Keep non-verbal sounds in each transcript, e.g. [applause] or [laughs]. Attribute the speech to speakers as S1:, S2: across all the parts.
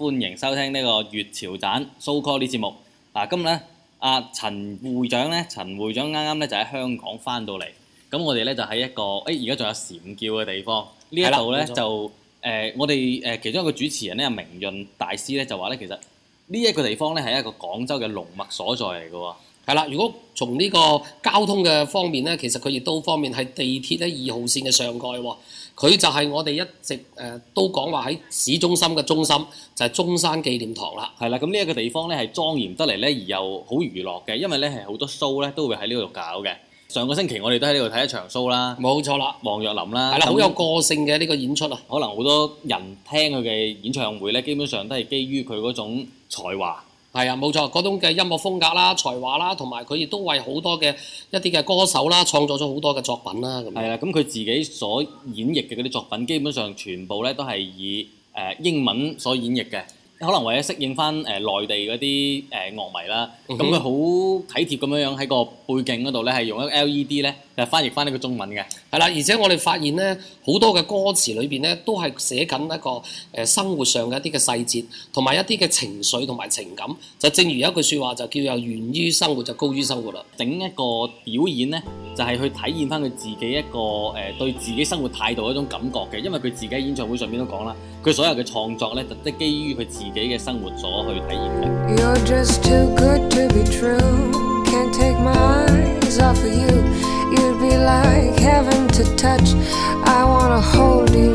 S1: 歡迎收聽呢個粵潮盞 So Called 節目。嗱，今日咧，阿陳會長咧，陳會長啱啱咧就喺香港翻到嚟。咁我哋咧就喺一個，誒而家仲有蟬叫嘅地方。呢一度咧就，誒錯、呃、我哋誒、呃、其中一個主持人咧，阿明潤
S2: 大師咧就話咧，其實呢一個地方咧係一個廣州嘅龍脈所在嚟嘅喎。係啦，如果從呢個交通嘅方面咧，其實佢亦都方便係地鐵咧二號線嘅上蓋喎、哦。佢就係我哋一直誒、呃、都講話喺市中心嘅中心，就係、是、中山紀念堂啦，係啦。咁呢一個地方咧係莊嚴得嚟咧，而又好娛樂嘅，因為咧係
S1: 好多 show 咧都會喺呢度搞嘅。上個星期我哋都喺呢度睇一場 show 啦，冇錯啦，王若琳啦，係啦的，好那有個性嘅呢個演出啊。可能好多人聽佢嘅演唱會咧，基本上
S2: 都係基於佢嗰種才華。係啊，冇錯，嗰種嘅音樂風格啦、才華啦，同埋佢亦都為好多嘅一啲嘅歌手啦創作咗好多嘅作品啦。係啦、啊，咁佢自己所
S1: 演繹嘅嗰啲作品，基本上全部咧都係以誒、呃、英文所演繹嘅。可能為咗適應翻誒內地嗰啲誒樂迷啦，咁佢好體貼咁
S2: 樣樣喺個背景嗰度咧，係用一個 LED 咧嚟翻譯翻呢個中文嘅。係啦，而且我哋發現咧，好多嘅歌詞裏邊咧，都係寫緊一個誒生活上嘅一啲嘅細節，同埋一啲嘅情緒同埋情感。就正如有一句説話，就叫做「源於生活」，就「高於生活」啦。整一個表演咧，就係、是、去體現翻佢自己一個誒、呃、對自己
S1: 生活態度一種感覺嘅。因為佢自己喺演唱會上面都講啦。佢所有嘅創作呢，都基於佢自己嘅生活
S3: 所去體驗嘅。You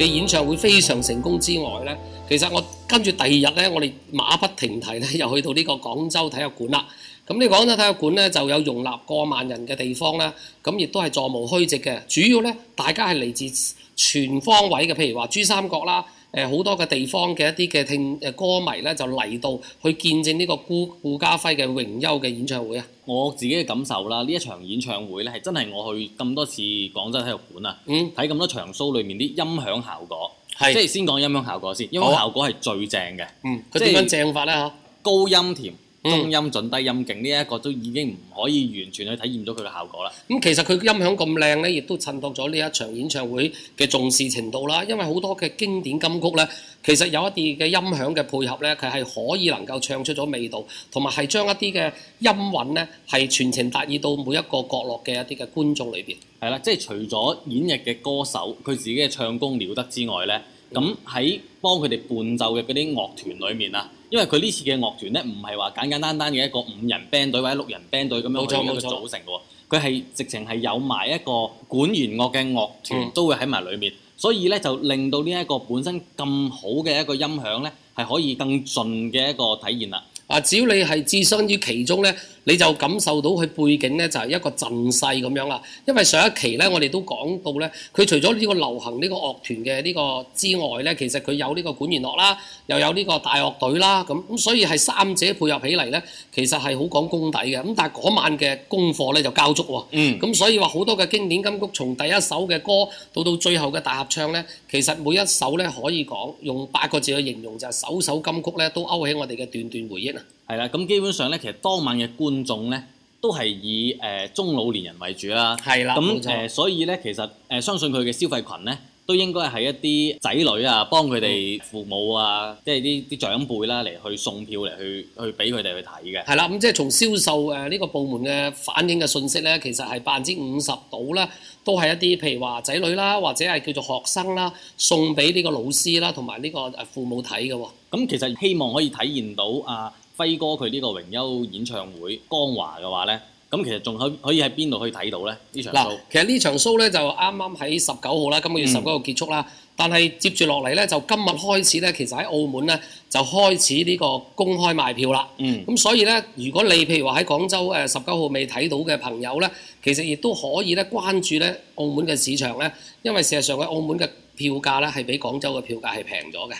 S2: 嘅演唱會非常成功之外呢，其實我跟住第二日呢，我哋馬不停蹄咧，又去到呢個廣州體育館啦。咁呢廣州體育館呢，就有容納過萬人嘅地方啦，咁、嗯、亦都係座無虛席嘅。主要呢，大家係嚟自全方位嘅，譬如話珠三角啦。誒好、呃、多嘅地方嘅一啲嘅聽誒、呃、歌迷咧，就嚟到去見證呢個顧顧、顧嘉輝嘅榮休嘅演唱會啊！我自己嘅感受啦，呢一場演唱會咧係真係我去咁多次
S1: 廣州體育館啊，睇咁、嗯、多場 show 裏面啲音響效果，是即係先講音響效果先，音響效果係最正嘅，
S2: 佢點、啊嗯、樣正
S1: 法咧嚇？高音甜。中音準，低音
S2: 勁，呢一個都已經唔可以
S1: 完全去體驗到佢嘅效果啦。咁、
S2: 嗯、其實佢音響咁靚咧，亦都襯托咗呢一場演唱會嘅重視程度啦。因為好多嘅經典金曲咧，其實有一啲嘅音響嘅配合咧，佢係可以能夠唱出咗味道，同埋係將一啲嘅音韻咧係傳情達意到每一個角落嘅一啲嘅觀眾裏邊。係啦，即係除
S1: 咗演繹嘅歌手佢自己嘅唱功了得之外咧，咁喺、嗯、幫佢哋伴奏嘅嗰啲樂團裏面啊。因為佢呢次嘅樂團咧，唔係話簡簡單單嘅一個五人 band 隊或者六人 band 隊咁樣去一個組成嘅喎，佢係直情係有埋一個管弦樂嘅樂團都會喺埋裏面，所以咧就令到呢一個本身咁好嘅一
S2: 個音響咧，係可以更盡嘅一個體驗啦。啊，只要你係置身於其中咧。你就感受到佢背景呢，就係一個陣勢咁樣啦，因為上一期呢，我哋都講到呢，佢除咗呢個流行呢個樂團嘅呢個之外呢，其實佢有呢個管弦樂啦，又有呢個大樂隊啦，咁咁所以係三者配合起嚟呢，其實係好講功底嘅，咁但係嗰晚嘅功課呢，就交足喎，咁，嗯，所以話好多嘅經典金曲，從第一首嘅歌到到最後嘅大合唱呢，其實每一首呢，可以講用八個字去形容就係首首金曲呢，都勾起我哋嘅段段回憶啊！係啦，咁基本上咧，其實當晚
S1: 嘅觀眾咧都係以誒、呃、中老年人為主啦。係啦，冇錯。咁誒，所以咧，其實誒、呃、相信佢嘅消費群咧都應該係一啲仔女啊，幫佢哋父母啊，嗯、即係啲啲長輩啦嚟去送票嚟去去俾佢哋去睇嘅。
S2: 係啦，咁、嗯、即係從銷售誒呢、呃這個部門嘅反映嘅信息咧，其實係百分之五十度啦，都係一啲譬如話仔女啦、啊，或者係叫做學生啦，送俾呢個老師啦同埋呢個誒父母睇嘅、啊。喎，咁其實希望可以體現到啊。輝哥佢呢個榮休演唱
S1: 會華《光華》嘅話呢，咁其實仲可可以喺邊度可以睇到咧？呢場嗱，
S2: 其實呢場 show 呢，就啱啱喺十九號啦，今個月十九號結束啦。嗯、但係接住落嚟呢，就今日開始呢，其實喺澳門呢，就開始呢個公開賣票啦。嗯，咁所以呢，如果你譬如話喺廣州誒十九號未睇到嘅朋友呢，其實亦都可以呢關注呢澳門嘅市場呢，因為事實上喺澳門嘅票價呢，係比廣州嘅票價係平咗嘅。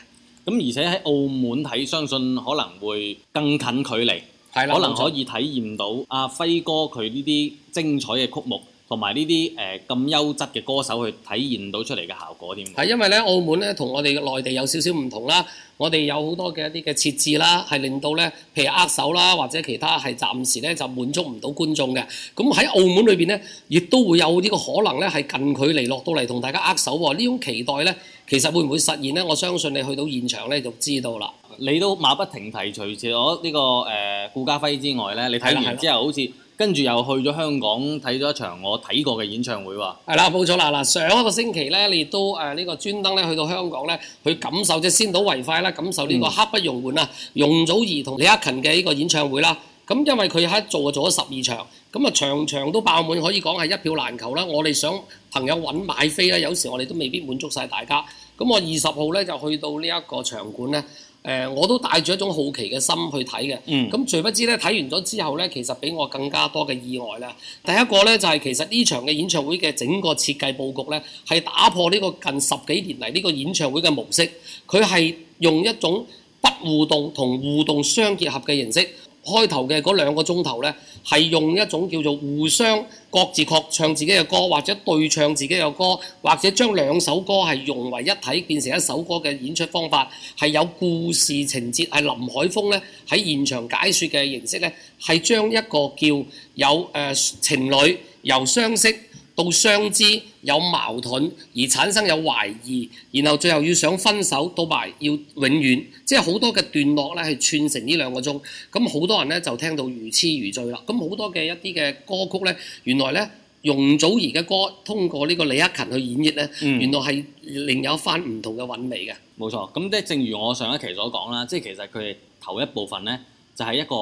S1: 咁而且喺澳門睇，相信可能會更近距離，係啦，可能可以體驗到阿輝哥佢呢啲精彩嘅曲目。同埋呢啲誒咁優質嘅歌手去體現到出嚟嘅效果添，係
S2: 因為咧澳門咧同我哋內地有少少唔同啦，我哋有好多嘅一啲嘅設置啦，係令到咧譬如握手啦，或者其他係暫時咧就滿足唔到觀眾嘅。咁喺澳門裏邊咧，亦都會有呢個可能咧係近距離落到嚟同大家握手喎、啊。呢種期待咧，其實會唔會實現咧？我相信你去到現場咧就知道啦。
S1: 你都馬不停蹄，除咗呢個誒顧嘉輝之外咧，你睇完之後好似。跟住又去咗香港睇咗一場我睇過嘅演唱會喎。係啦，冇
S2: 錯啦，嗱上一個星期呢，你都誒、呃這個、呢個專登咧去到香港呢，去感受先睹為快，啦，感受呢個刻不容緩啊、嗯、容祖兒同李克勤嘅呢個演唱會啦。咁、嗯、因為佢喺做咗十二場，咁啊場場都爆滿，可以講係一票難求啦。我哋想朋友揾買飛咧，有時我哋都未必滿足晒大家。咁我二十號呢，就去到呢一個場館呢。誒、呃，我都帶住一種好奇嘅心去睇嘅，咁誰、嗯、不知咧，睇完咗之後咧，其實畀我更加多嘅意外啦。第一個咧就係、是、其實呢場嘅演唱會嘅整個設計佈局咧，係打破呢個近十幾年嚟呢個演唱會嘅模式，佢係用一種不互動同互動相結合嘅形式。開頭嘅嗰兩個鐘頭咧，係用一種叫做互相各自各唱自己嘅歌，或者對唱自己嘅歌，或者將兩首歌係融為一體變成一首歌嘅演出方法，係有故事情節，係林海峰呢喺現場解說嘅形式呢係將一個叫有誒、呃、情侶由相識，到相知有矛盾而產生有懷疑，然後最後要想分手，到埋要永遠，即係好多嘅段落咧，係串成呢兩個鐘。咁好多人咧就聽到如痴如醉啦。咁好多嘅一啲嘅歌曲咧，原來咧容祖兒嘅歌，通過呢個李克勤去演繹咧，嗯、原來係另有一番唔同嘅韻味嘅。冇錯，咁即係正如
S1: 我上一期所講啦，即係其實佢頭一部分咧就係、是、一個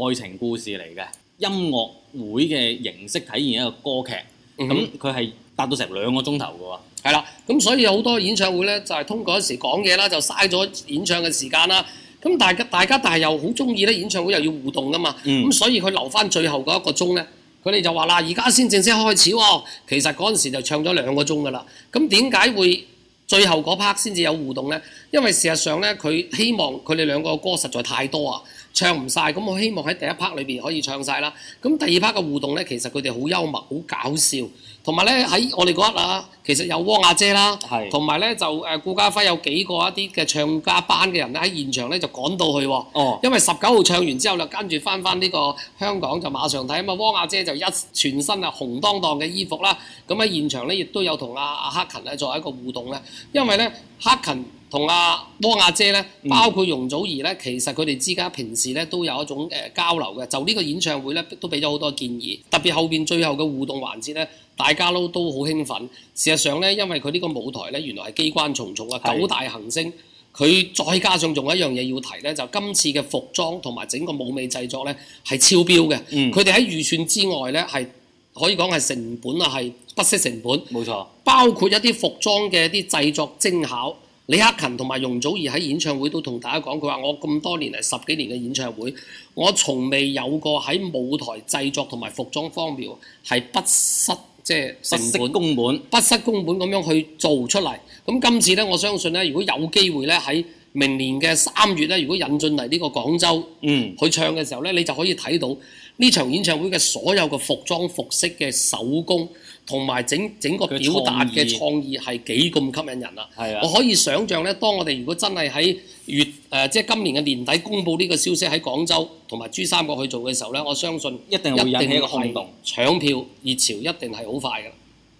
S1: 愛情故事嚟
S2: 嘅音樂會嘅形式，體現一個歌劇。咁佢係達到成兩個鐘頭嘅喎，係啦，咁所以好多演唱會呢，就係、是、通過嗰時講嘢啦，就嘥咗演唱嘅時間啦。咁大家大家但係又好中意呢演唱會又要互動嘅嘛，咁、嗯、所以佢留翻最後嗰一個鐘呢，佢哋就話啦，而家先正式開始喎、哦，其實嗰陣時就唱咗兩個鐘嘅啦。咁點解會最後嗰 part 先至有互動呢？因為事實上呢，佢希望佢哋兩個歌實在太多啊。唱唔晒，咁，我希望喺第一 part 裏邊可以唱晒啦。咁第二 part 嘅互動呢，其實佢哋好幽默、好搞笑，同埋呢，喺我哋嗰一啊，其實有汪阿姐啦，同埋是呢，就誒顧嘉輝有幾個一啲嘅唱家班嘅人呢喺現場呢，就趕到去喎。哦，哦因為十九號唱完之後啦，就跟住翻翻呢個香港就馬上睇啊嘛。汪阿姐就一全身啊紅當當嘅衣服啦，咁喺現場呢，亦都有同阿阿克勤呢做一個互動呢，因為呢。克勤。同阿汪亞姐咧，包括容祖兒咧，其實佢哋之間平時咧都有一種誒、呃、交流嘅。就呢個演唱會咧，都俾咗好多建議。特別後邊最後嘅互動環節咧，大家都都好興奮。事實上咧，因為佢呢個舞台咧，原來係機關重重啊，是九大行星。佢再加上仲有一樣嘢要提咧，就今次嘅服裝同埋整個舞美製作咧係超標嘅。佢哋喺預算之外咧係可以講係成本啊，係不惜成本。冇錯，錯包括一啲服裝嘅啲製作精巧。李克勤同埋容祖兒喺演唱會都同大家講，佢話：我咁多年嚟十幾年嘅演唱會，我從未有過喺舞台製作同埋服裝方面係不惜即係成本工本，不，工本不惜工本咁樣去做出嚟。咁今次呢，我相信呢，如果有機會呢，喺。明年嘅三月咧，如果引進嚟呢個廣州，嗯，去唱嘅時候咧，你就可以睇到呢場演唱會嘅所有嘅服裝、服飾嘅手工，同埋整整個表達嘅創意係幾咁吸引人啊，我可以想像咧，當我哋如果真係喺粵誒，即係今年嘅年底公佈呢個消息喺廣州同埋珠三角去做嘅時候咧，我相信一定會一個行動，搶票熱潮一定係好快嘅。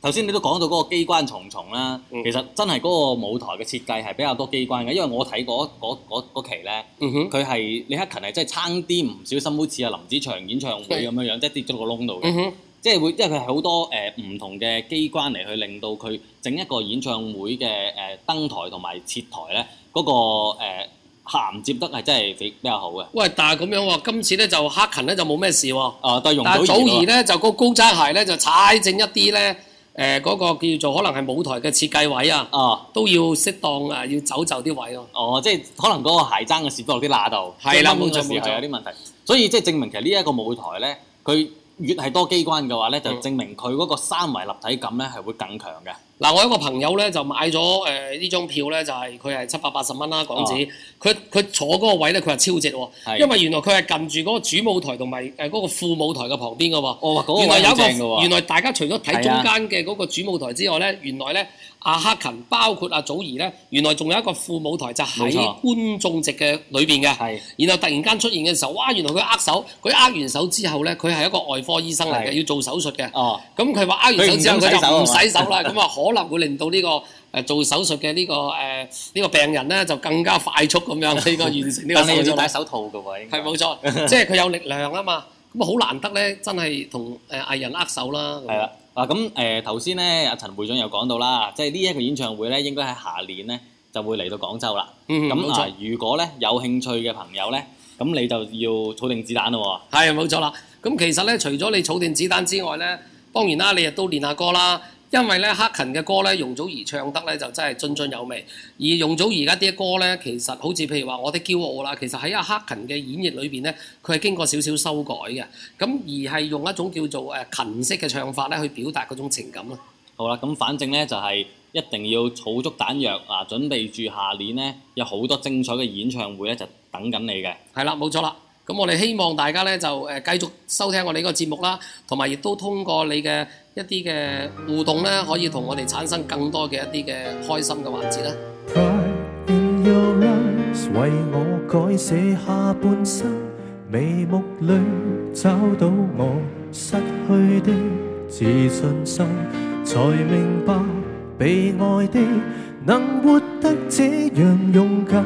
S2: 頭先你都講到
S1: 嗰個機關重重啦、啊，嗯、其實真係嗰個舞台嘅設計係比較多機關嘅，因為我睇嗰期咧，佢係、嗯、哼李克勤係真係差啲唔小心，好似阿林子祥演唱會咁樣樣，嗯、即係跌咗個窿度嘅，嗯、哼即係會因為佢係好多誒唔、呃、同嘅機關嚟去令到佢整一個演唱會嘅誒、呃、登台同埋撤台咧嗰、那個誒、呃、
S2: 銜接得係真係比比較好嘅。喂，但係咁樣喎、啊，今次咧就克勤咧就冇咩事喎、啊，啊、對容但容祖兒咧就個高踭鞋咧就踩正一啲咧。嗯誒嗰、呃，那個叫做可能係舞台嘅設計位啊，啊，都要適當啊，要走就啲位咯、啊。哦，即係可能嗰個鞋踭嘅事都到啲罅度，即係係啦，冇錯冇錯，有啲問題。所以即係證明其實呢一個舞台咧，佢。越係多機關嘅話咧，就證明佢嗰個三維立體感咧係會更強嘅。嗱、啊，我一個朋友咧就買咗誒、呃、呢張票咧，就係佢係七百八,八十蚊啦港紙。佢佢、哦、坐嗰個位咧，佢話超值喎，的因為原來佢係近住嗰個主舞台同埋誒嗰個副舞台嘅旁邊嘅喎。哦，那個、原來有一個、哦、原來大家除咗睇中間嘅嗰個主舞台之外咧，原來咧。阿克、啊、勤包括阿、啊、祖兒咧，原來仲有一個副舞台就喺觀眾席嘅裏邊嘅。係錯，然後突然間出現嘅時候，哇！原來佢握手，佢握完手之後咧，佢係一個外科醫生嚟嘅，是要做手術嘅。哦，咁佢話握完手之後佢就唔洗手啦，咁啊是嗎 [laughs] 可能會令到呢、這個誒、呃、做手術嘅呢個誒呢、呃這個病人咧就更加快速咁樣呢、這個完成呢個手術。戴 [laughs] 手套嘅喎，應該係冇錯，錯 [laughs] 即係佢有力量啊嘛。咁啊好難得咧，真係同誒藝人握手啦。係啦的。
S1: [laughs] 嗱咁誒頭先咧，阿、啊呃、陳會長又講到啦，即係呢一個演唱會咧，應該喺下年咧就會嚟到廣州啦。咁啊，
S2: 如果咧有興趣嘅朋友呢，咁你就要儲定子彈咯喎、哦。係冇錯啦。咁其實呢，除咗你儲定子彈之外呢，當然啦，你亦都練下歌啦。因為呢，克勤嘅歌呢，容祖兒唱得呢就真係津津有味。而容祖兒而家啲歌呢，其實好似譬如話《我的驕傲》啦，其實喺阿克勤嘅演繹裏邊呢，佢係經過少少修改嘅，咁而係用一種叫做誒勤式嘅唱法呢去表達嗰種情感咯。好啦，咁反
S1: 正呢，就係、是、一定要儲足彈藥啊，準備住下年呢有好多精彩
S2: 嘅演唱會呢，就等緊你嘅。係啦，冇錯啦。咁我哋希望大家咧就誒繼續收聽我哋呢個節目啦，同埋亦都通過你嘅一啲嘅互動咧，可以同我哋產生更多嘅一啲嘅開心嘅環節啦。Pride
S4: in your eyes，為我改寫下半生，眉目裏找到我失去的自信心，才明白被愛的能活得這樣勇敢，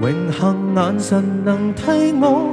S4: 榮幸眼神能替我。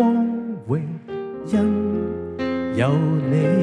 S4: 光榮因有你。